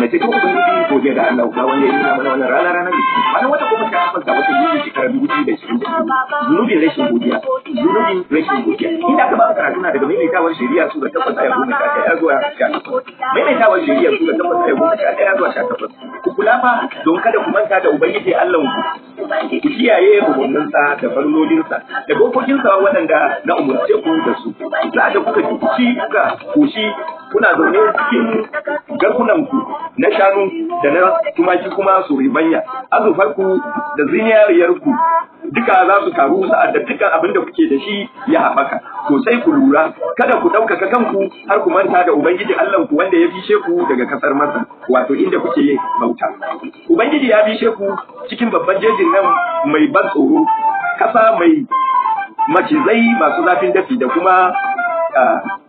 na ce ko kun yi ko ga Allah ga wanda ya nuna mana wannan rana ranar bana wata kuma ta afalta wata yi shi dubu biyu da shirin da zunubin rashin godiya zunubin rashin godiya inda aka ba ka karatu na daga maimaitawar shari'a su ga tabbas aya goma sha ɗaya zuwa sha takwas maimaitawar shari'a su ga tabbas aya goma sha ɗaya zuwa sha takwas ku kula fa don kada ku manta da ubangiji Allah ku ku kiyaye umarninsa da farlolinsa da dokokinsa waɗanda na umarce ku da su za da kuka ci kuka kushi kuna zaune garkunan ku na shanu da na tumaki kuma su ribanya azufar ku da zinariyar ku duka za su karu sa'ad da dukkan abin da kuke da shi ya haɓaka to sai ku lura kada ku ɗaukaka kanku har ku manta da ubangiji Allah ku wanda ya bishe ku daga kasar Masar wato inda kuke bauta ubangiji ya bishe ku cikin babban jejin nan mai ban tsoro kasa mai macizai masu zafin dafi da kuma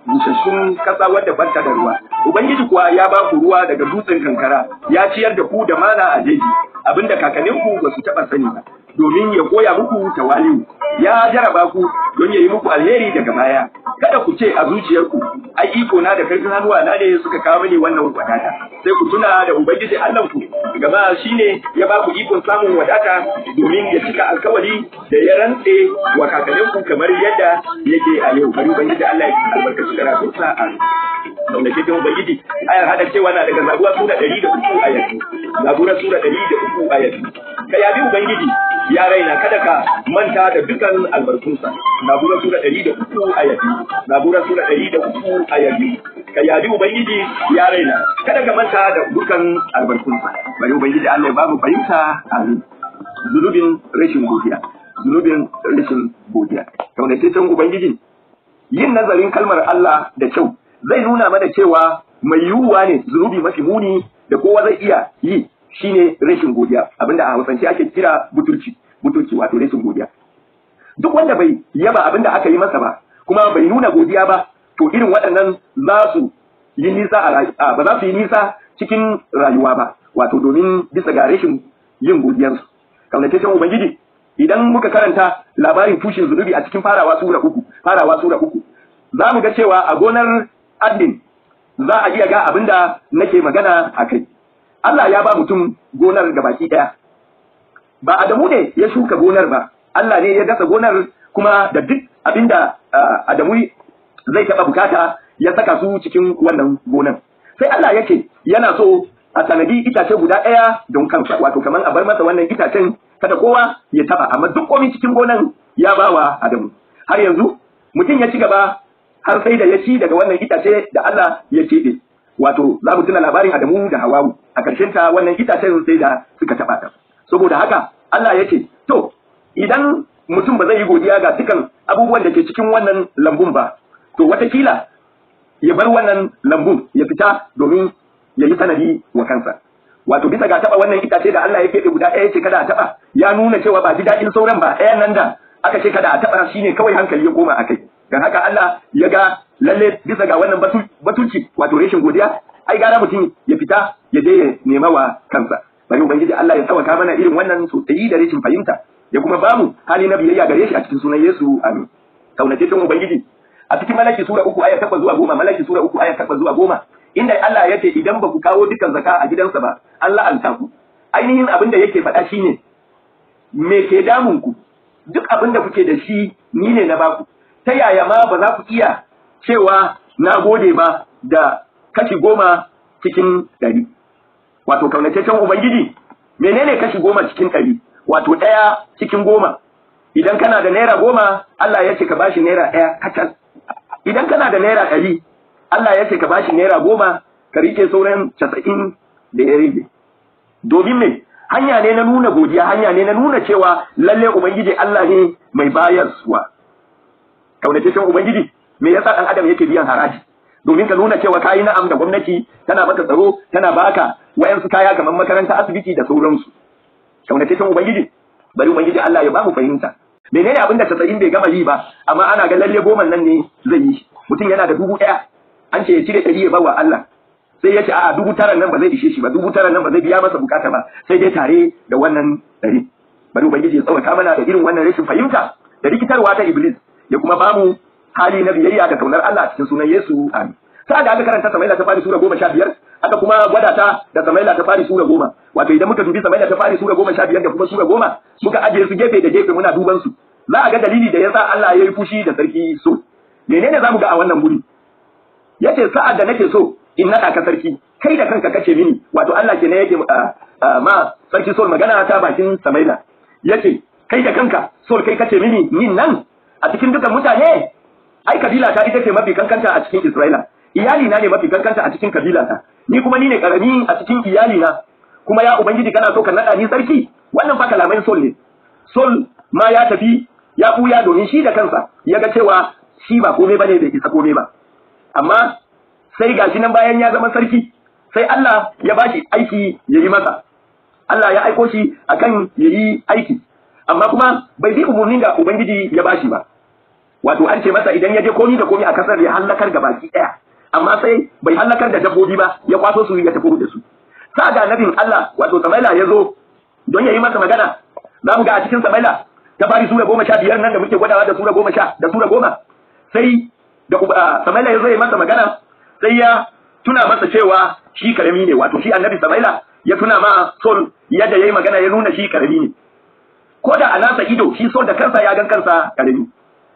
musassun kasa wadda banta da ruwa ubangiji kuwa ya ba ku ruwa daga dutsen kankara ya ciyar da ku da mana a jeji abinda kakanninku ba su taɓa sani ba domin ya koya muku tawali ya jaraba ku don ya yi muku alheri daga baya kada ku ce a zuciyarku ai iko na da karfin hannuwa na ne suka kawo ni wannan wadata sai ku tuna da ubangiji Allah ku shi shine ya ba ku iko samun wadata domin ya cika alkawari da ya rantse wa ku kamar yadda yake a yau bari ubangiji Allah ya albarkaci karatu sa'a da ta ubangiji ayar hada cewa na daga zabura sura ɗari da uku a yanzu zabura sura ɗari da uku a yanzu ka ubangiji ya raina kada ka manta da dukan albarkunsa zabura sura ɗari da uku a yabi zabura sura ɗari da uku a yabi ka yabi ubangiji ya raina kada ka manta da dukan albarkunsa bari ubangiji Allah babu fahimta a zunubin rashin godiya zunubin rashin godiya kamar sai can ubangiji yin nazarin kalmar Allah da kyau zai nuna mana cewa mai yiwuwa ne zunubi mafi muni da kowa zai iya yi shine rashin godiya abinda a hausance ake kira butulci butulci wato rashin godiya duk wanda bai yaba abin da aka yi masa ba kuma bai nuna godiya ba to irin waɗannan za su yi nisa a ba za su yi nisa cikin rayuwa ba wato domin bisa ga rashin yin godiyarsu kaunataccen ubangiji idan muka karanta labarin tushen zunubi a cikin farawa sura uku farawa sura uku za mu ga cewa a gonar adin za a iya ga abin da nake magana a kai Allah ya ba mutum gonar ga baki ɗaya ba Adamu ne ya shuka gonar ba Allah ne ya dasa gonar kuma da duk abinda Adamu zai taɓa bukata ya saka su cikin wannan gonan. Sai Allah yake yana so a sanadi itace guda ɗaya don kansa wato kamar a bar masa wannan itacen kada kowa ya taɓa amma duk komai cikin gonar ya bawa Adamu. Har yanzu mutum ya ci gaba har sai da ya ci daga wannan itace da Allah ya keɓe. Wato za mu tuna labarin Adamu da Hawawu a ƙarshen ta wannan itacen sai da suka taɓa ta. Saboda haka Allah yake to idan mutum ba zai yi godiya ga dukan abubuwan da ke cikin wannan lambun ba to watakila ya bar wannan lambun ya fita domin ya yi sanadi wa kansa wato bisa ga taba wannan itace da Allah ya keɓe guda ɗaya ce kada a taba ya nuna cewa ba ji daɗin sauran ba ɗaya nan da aka ce kada a taba shine kawai hankali ya koma akai dan haka Allah ya ga lalle bisa ga wannan batunci wato rashin godiya ai gara mutum ya fita ya je ya nema wa kansa bari ubangiji Allah ya tsawaka mana irin wannan sosai da rashin fahimta ya kuma bamu hali na biyayya gare shi a cikin sunan Yesu amin kaunace tun ubangiji a cikin malaki sura uku aya takwas zuwa goma malaki sura uku aya takwas zuwa goma inda Allah ya ce idan ba ku kawo dukan zaka a gidansa ba Allah an ku ainihin abinda yake faɗa shine me ke damun ku duk abin da kuke da shi ni ne na baku ta yaya ma ba za ku iya cewa na gode ba da kashi goma cikin ɗari wato kaunataccen ubangiji menene kashi goma cikin ɗari wato ɗaya cikin goma idan kana da naira goma Allah ya ce ka bashi naira ɗaya kacal idan kana da naira ɗari Allah ya ce ka bashi naira goma ka rike sauran casa'in da ya rike domin me hanya ne na nuna godiya hanya ne na nuna cewa lalle ubangiji Allah ne mai bayarsuwa kaunataccen ubangiji me yasa dan adam yake biyan haraji domin ka nuna cewa kayi na'am da gwamnati tana baka tsaro tana baka wayansu kaya kamar makaranta asibiti da sauransu kaunataccen ubangiji bari ubangiji Allah ya ba mu fahimta menene abin da tasa'in bai gama yi ba amma ana ga lalle goma nan ne zai yi mutum yana da dubu ɗaya an ce ya cire ɗari ya bawa Allah sai ya ce a dubu tara nan ba zai ishe shi ba dubu tara nan ba zai biya masa bukata ba sai dai tare da wannan ɗari bari ubangiji ya tsawata mana da irin wannan rashin fahimta da rikitarwa ta iblis ya kuma bamu hali na biyayya da kaunar Allah cikin sunan Yesu amin sai da aka karanta Sama'ila ta fara sura goma biyar aka kuma gwada ta da samaila ta fari sura goma wato idan muka dubi samaila ta fari sura goma sha biyar da kuma sura goma muka ajiye su gefe da gefe muna duban su za a ga dalili da ya sa Allah ya yi fushi da sarki so menene zamu ga a wannan guri yace sa'ad da nake so in naka ka sarki kai da kanka kace mini wato Allah ke ne yake ma sarki so magana ta bakin samaila yace kai da kanka sol kai kace mini min nan a cikin dukan mutane ai kabila ta ita ce mafi kankanta a cikin Isra'ila iyali na ne mafi kankanta a cikin kabila ta ni kuma ni ne karami a cikin iyali na kuma ya ubangiji kana so ka nada ni sarki wannan fa kalamai sol ne sol ma ya tafi ya buya domin shi da kansa ya ga cewa shi ba komai bane da isa komai ba amma sai gashi nan bayan ya zama sarki sai Allah ya bashi aiki ya yi masa Allah ya aiko shi akan ya yi aiki amma kuma bai bi umarnin da ubangiji ya bashi ba wato an ce masa idan ya je komi da komi a kasar ya hallakar ga baki daya amma sai bai halakar da dabbobi ba ya kwaso su ya tafi da su sa ga nabin Allah wato Samaila ya zo don ya yi masa magana za mu ga a cikin Samaila ta bari sura goma sha biyar nan da muke gwadawa da sura goma sha da sura goma sai da uh, Samaila ya zo ya masa magana sai ya tuna masa cewa shi karami ne wato shi annabi Samaila ya tuna ma Sol yadda ya yi magana ya nuna shi karami ne ko da a nasa ido shi Sol da kansa ya gan kansa karami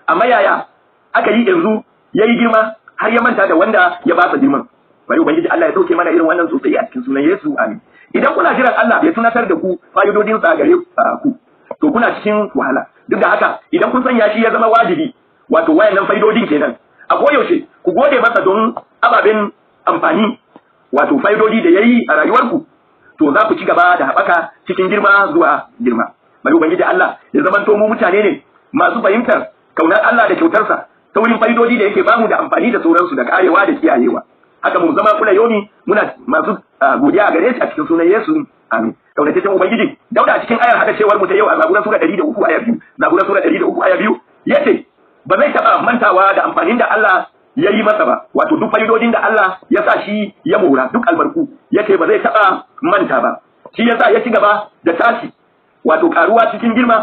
amma yaya aka yi yanzu ya yi girma har ya manta da wanda ya ba sa girman bari ubangiji Allah ya dauke mana irin wannan sosai a cikin sunan Yesu amin idan kuna jiran Allah ya tunatar da ku fa'idodin sa gare ku to kuna cikin wahala duk da haka idan kun sanya shi ya zama wajibi wato wayannan fa'idodin kenan a koyaushe ku gode masa don ababen amfani wato fa'idodi da ya yi a rayuwarku to za ku ci gaba da haɓaka cikin girma zuwa girma bari ubangiji Allah ya zamanto mu mutane ne masu fahimtar kaunar Allah da kyautarsa ta wurin fa'idodi da yake bamu da amfani da sauransu da karewa da kiyayewa haka mu zama kula yomi muna masu godiya gare shi a cikin sunan Yesu amin ta ubangiji dauda a cikin ayar haka cewar mu ta yau a zabura sura 103 aya 2 zabura sura 103 aya 2 yace ba zai taba mantawa da amfanin da Allah ya yi masa ba wato duk fa'idodin da Allah ya sa shi ya mora duk albarku yace ba zai taɓa manta ba shi yasa ya ci gaba da tashi wato karuwa cikin girma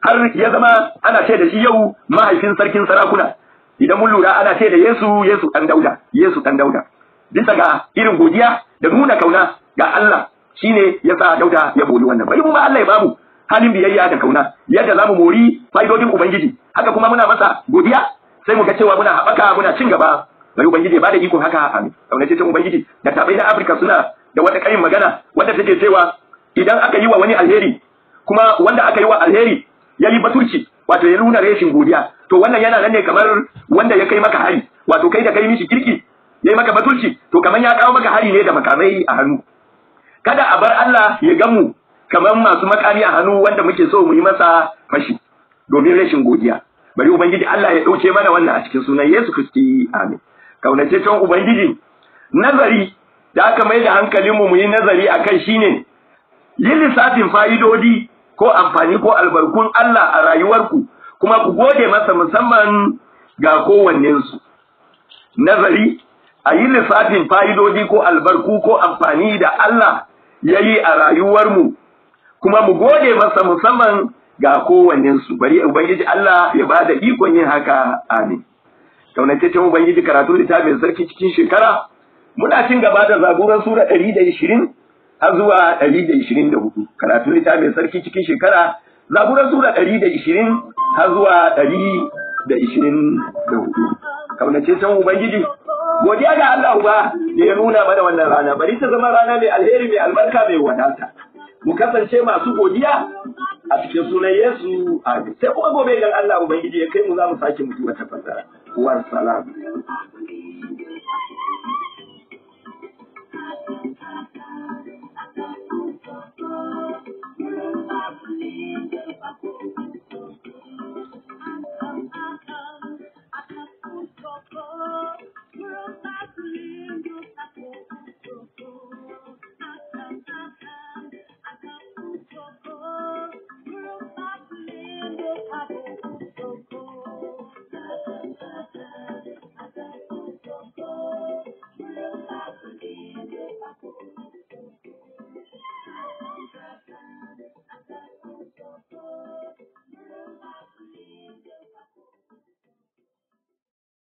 har ya zama ana ce da shi yau mahaifin sarkin sarakuna idan mun lura ana ce da Yesu Yesu dan Dauda Yesu dan Dauda bisa ga irin godiya da nuna kauna ga Allah shine yasa Dauda ya boli wannan bai mun ba Allah ya bamu halin biyayya da kauna yadda zamu mori fa'idodin ubangiji haka kuma muna masa godiya sai mu ga cewa muna haɓaka muna cin gaba bai ubangiji ba da ikon haka amin ce ta ubangiji da tabai na Afirka suna da wata karin magana Wanda take cewa idan aka yi wa wani alheri kuma wanda aka yi wa alheri ya yi baturci wato ya nuna rashin godiya to wannan yana nan ne kamar wanda ya kai maka hari wato kai da kai mishi kirki ya yi maka batulci to kamar ya kawo maka hari ne da makamai a hannu kada a bar Allah ya gamu kamar masu makami a hannu wanda muke so mu yi masa fashi domin rashin godiya bari ubangiji Allah ya dauke mana wannan a cikin sunan Yesu Kristi amin kaunataccen ubangiji nazari da aka mai da hankalinmu mu yi nazari akan shine yin lissafin fa'idodi ko amfani ko albarkun Allah a rayuwarku kuma ku gode masa musamman ga kowannensu nazari a yi lissafin fa'idodi ko albarku ko amfani da Allah ya yi a rayuwarmu kuma mu gode masa musamman ga kowannensu bari ubangiji Allah ya ba da ikon yin haka amin kaunataccen ubangiji karatu littafin sarki cikin shekara muna cin gaba da zaguran sura ɗari da har zuwa ɗari da da hudu karatu littafin sarki cikin shekara zaburar sura ɗari da ishirin har zuwa ɗari da ishirin da hudu kaunace can ubangiji godiya ga Allah uba da ya nuna mana wannan rana bari ta zama rana mai alheri mai albarka mai wadata mu kasance masu godiya a cikin sunan Yesu amin sai kuma gobe idan Allah ubangiji ya kai mu za mu sake mutu wata fassara Wa salam